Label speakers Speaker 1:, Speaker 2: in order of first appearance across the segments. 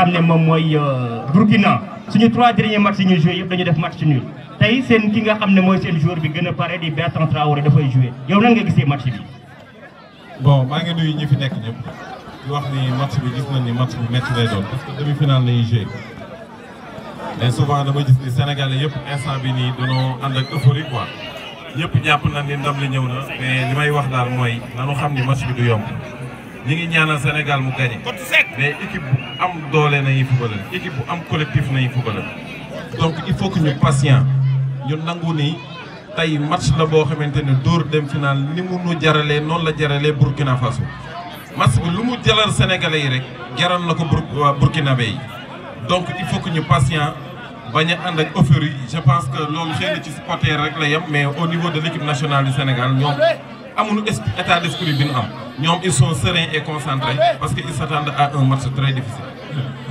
Speaker 1: xam ne moom mooy euh, Burkina suñu trois derniers matchs yi yëpp dañu def match nul tey seen nga xam ne mooy seen joueur bi gën a pare di Bertrand Traoré dafay joué yow nan nga bon maa ngi nuyu ñi fi nekk ñëpp di wax ni match bi gis nañ ni
Speaker 2: match bu métti lay doon parce que demi finale la ñuy joué mais souvent dama gis ni Sénégalais yëpp instant bi nii dañoo ànd ak euphorie quoi. ñëpp jàpp na ni ndam li ñëw na mais li may wax daal mooy nanu xam ni match bi du yomb. ñi ngi ñaanal Sénégal mu gagné mais équipe bu am doole nañuy footballeur équipe bu am collectif nañuy footballeur donc il faut que ñu patient ñu nangu ni tey match la boo xamante ne dóor dem final ni mu nu jaralee noonu la jaralee Burkina Faso match bi lu mu jaral sénégalais yi rek jaral na ko burkinabé yi donc il faut ñu patient ba a ànd ak offre yi je pense que loolu xëy na ci supporter rek la yem mais au niveau de l' équipe nationale du Sénégal ñoom amuñu état d' esprit bi ñu am. ñoom ils sont sereins et concentrés parce que ils s'attendent à un match
Speaker 1: très difficile.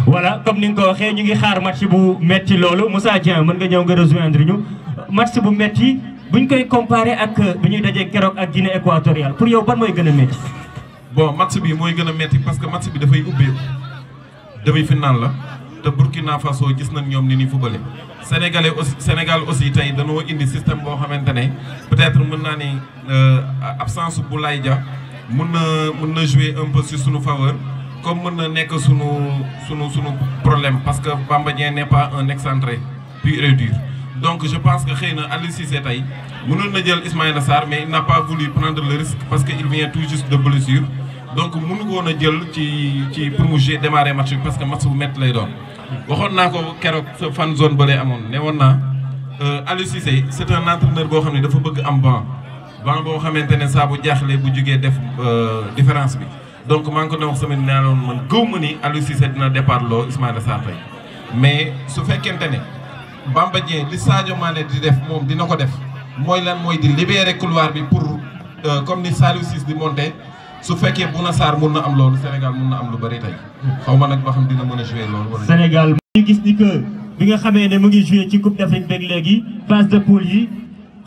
Speaker 1: voilà comme ni nga ko waxee ñu ngi xaar match bu metti loolu Moussa Dieng mën nga ñëw nga rejoindre ñu match bu metti buñ koy comparé ak bi ñuy dajee keroog ak Guinée équatoriale pour yow ban mooy gën a metti. bon match bi mooy gën a metti parce que match bi dafay ubbeeku
Speaker 2: demi-finale la te Burkina Faso gis nañ ñoom ni ni footballé Sénégalais aussi Sénégal aussi tey danoo indi système boo xamante ne peut-être mën naa ni euh, absence bu Boulaye Dia mun na mun na jouer un peu sur suñu faveur comme mun na nekk suñu suñu suñu problème parce que Bamba Dieng n'est pas un excentré puis réduire donc je pense que xëy na Aliou Cissé tey mënoon na jël Ismaïla Sarr mais il n'a pas voulu prendre le risque parce que il vient tout juste de blessure donc mënu ko woon a jël ci ci pour mu démarrer match parce que match bu métti lay doon waxoon naa ko keroog sa fan zone ba amoon ne woon naa euh, Aliou Cissé c'est un entraîneur boo xam ne dafa bëgg am banc banque boo xamante ne saa bu jaaxle bu jugee def euh, différence bi donc maa ngi ko doon wax sama naa loon man gëw ma ni Aliou Cissé dina départ loo Ismaïla Sarr tey mais su fekkente ne Bamba Dieng li Sadio Mané di dina ko def mooy lan mooy di libérer couloir bi pour euh, comme ni Saliou Ciss di monter su fekkee Bouna Sarr mun na am loolu Sénégal mun na am lu bëri tey xaw ma nag ba xam dina mën a jouer loolu
Speaker 1: wala. Sénégal ñu gis ni que bi nga xamee ne mu ngi jouer ci Coupe d'Afrique beeg léegi phase de poule yi.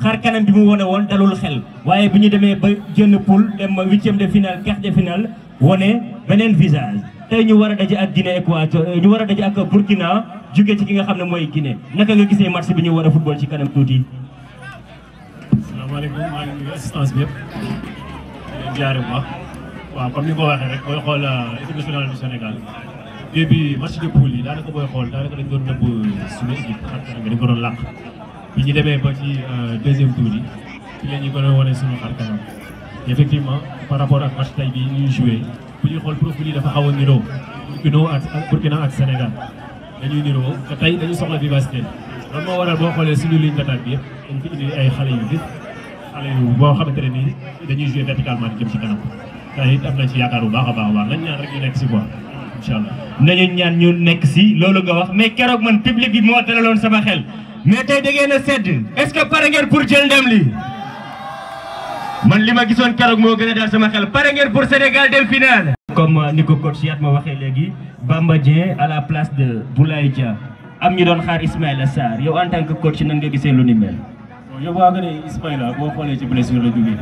Speaker 1: xar kanam bi mu wone woon dalul xel waaye bu ñu demee ba jënn poule dem huitième de finale quart de finale wone beneen visage tey ñu war a daje ak Guinée Équateur ñu war a daje ak Burkina jóge ci ki nga xam ne mooy Guinée naka nga gisee match bi ñu war a football ci kanam tuuti.
Speaker 3: asalaamaaleykum maa ngi nuyu assistance bi yëpp di jaare bu ni ko waxee rek xool euh, équipe nationale du Sénégal début de poule yi daanaka booy xool daanaka dañ doon nëbb suñu équipe xar kanam dañ ko doon làq bi ñu demee ba ci euh, deuxième tour yi ci la ñu gën a wane suñu xar kanam effectivement par rapport ak match tey bi ñuy joué bu ñuy xool profil yi dafa xaw a niroo Burkina ak Burkina ak Sénégal dañuy niroo te tey dañu soxla vivacité loolu moo waral boo xoolee suñu ligne d'attaque bi yëpp dañ fi indi ay xale yu vif xale boo xamante ne nii dañuy
Speaker 1: joué verticalement di jëm ci kanam te it am nañ ci yaakaar bu baax a baax a baax lañ ñaan rek ñu nekk si quoi incha allah. nañu ñaan ñu nekk si loolu nga wax mais keroog man public bi moo dalaloon sama xel. mais tey da ngeen a sedd est-ce que pare ngeen pour jël ndem li man li ma gisoon keroog moo gën a daal sama xel pare ngeen pour Sénégal dem final. comme euh, ni ko coach Yat ma waxee léegi Bamba Dieng à la place de Boulaye Dia am ñu doon xaar Ismaïla Sarr yow en tant que coach nan nga gisee lu ni mel. yow waa nga ne Ismaïla boo xoolee ci blessure la jógee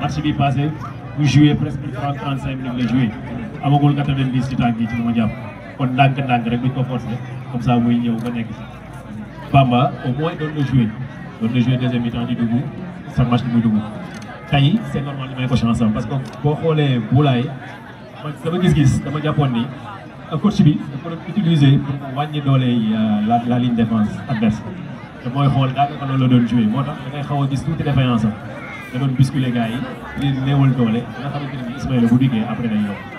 Speaker 1: match bi
Speaker 3: passé bu joué presque 30 35 minutes la joué amagul 90 ci tànk yi ci lu ma jàpp kon ndànk-ndànk rek duñ ko Bamba au moins doon na joué doon na di dugg sa match bi muy dugg tey c' est normal ñu may ko chance am parce que boo xoolee Boulaye man sama gis-gis dama jàppoon ni coach bi da ko doon utiliser pour mu wàññi euh, la la ligne défense adverse xool daanaka noonu la doon joué moo tax da ngay xaw a gis tuuti défaillance am da doon bousculer gars yi di
Speaker 1: néewal doole nga xamante ne Ismaïla bu diggee après day yomb.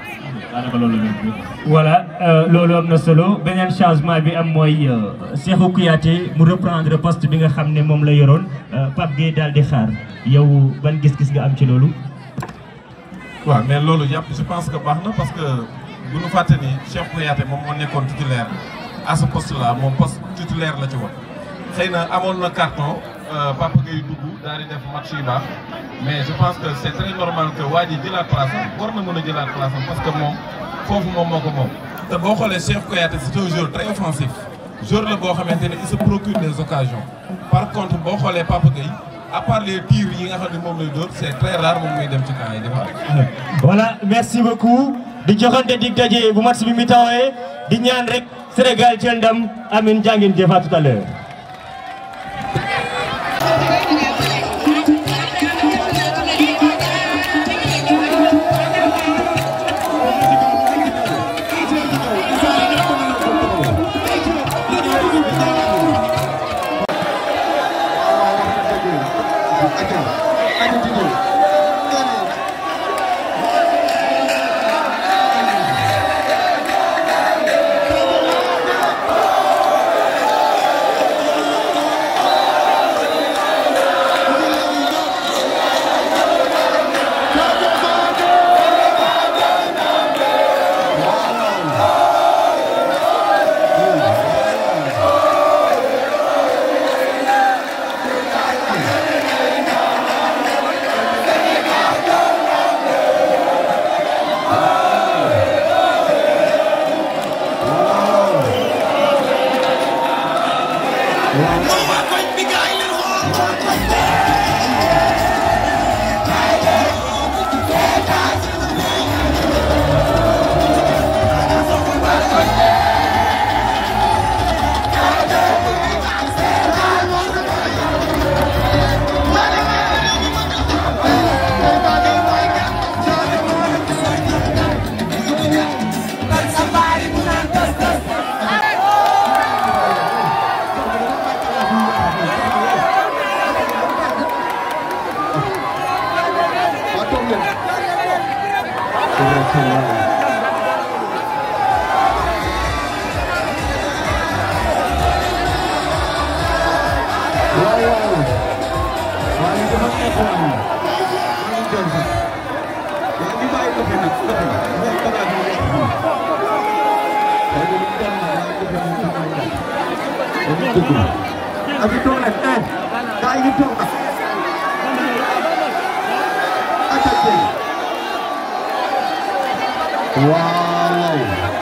Speaker 1: voilà euh, loolu am na solo beneen changement bi am mooy euh, Cheikhou Kouyaté mu reprendre poste bi nga xam ne moom la yoroon euh, Pape Gueye daal di xaar yow ban gis-gis nga am ci loolu.
Speaker 2: waaw mais loolu yàpp je pense que baax na parce que
Speaker 1: bu ñu fàtte ni Cheikhou
Speaker 2: Kouyaté moom moo nekkoon titulaire à ce poste là moom poste titulaire la ci woon xëy na amoon na carton Pape Gueye dugg. daal di def match yu baax mais je pense que c'est très normal que waa ji jëlaat place am na mën a jëlaat place parce que moom foofu moom moo ko moom. te boo xoolee Chérif Kouyaté c'est un joueur très offensif joueur la boo xamante ne il se procure des occasions par contre boo xoolee Papa Gueye à yi nga xam ne moom lay dóor c'est très rare moom muy dem
Speaker 1: ci camp yi dafa voilà merci beaucoup di joxante dig daje bu match bi mi tawee di ñaan rek Sénégal ci ndam amin jàngin jëf à tout à Oh, my great big island, oh, my great big island. Abi toog nag, kaay, kaay ñu toog nag waaw